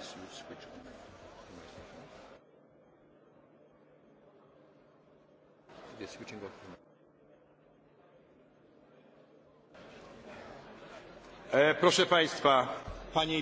is you switching Proszę Państwa, Pani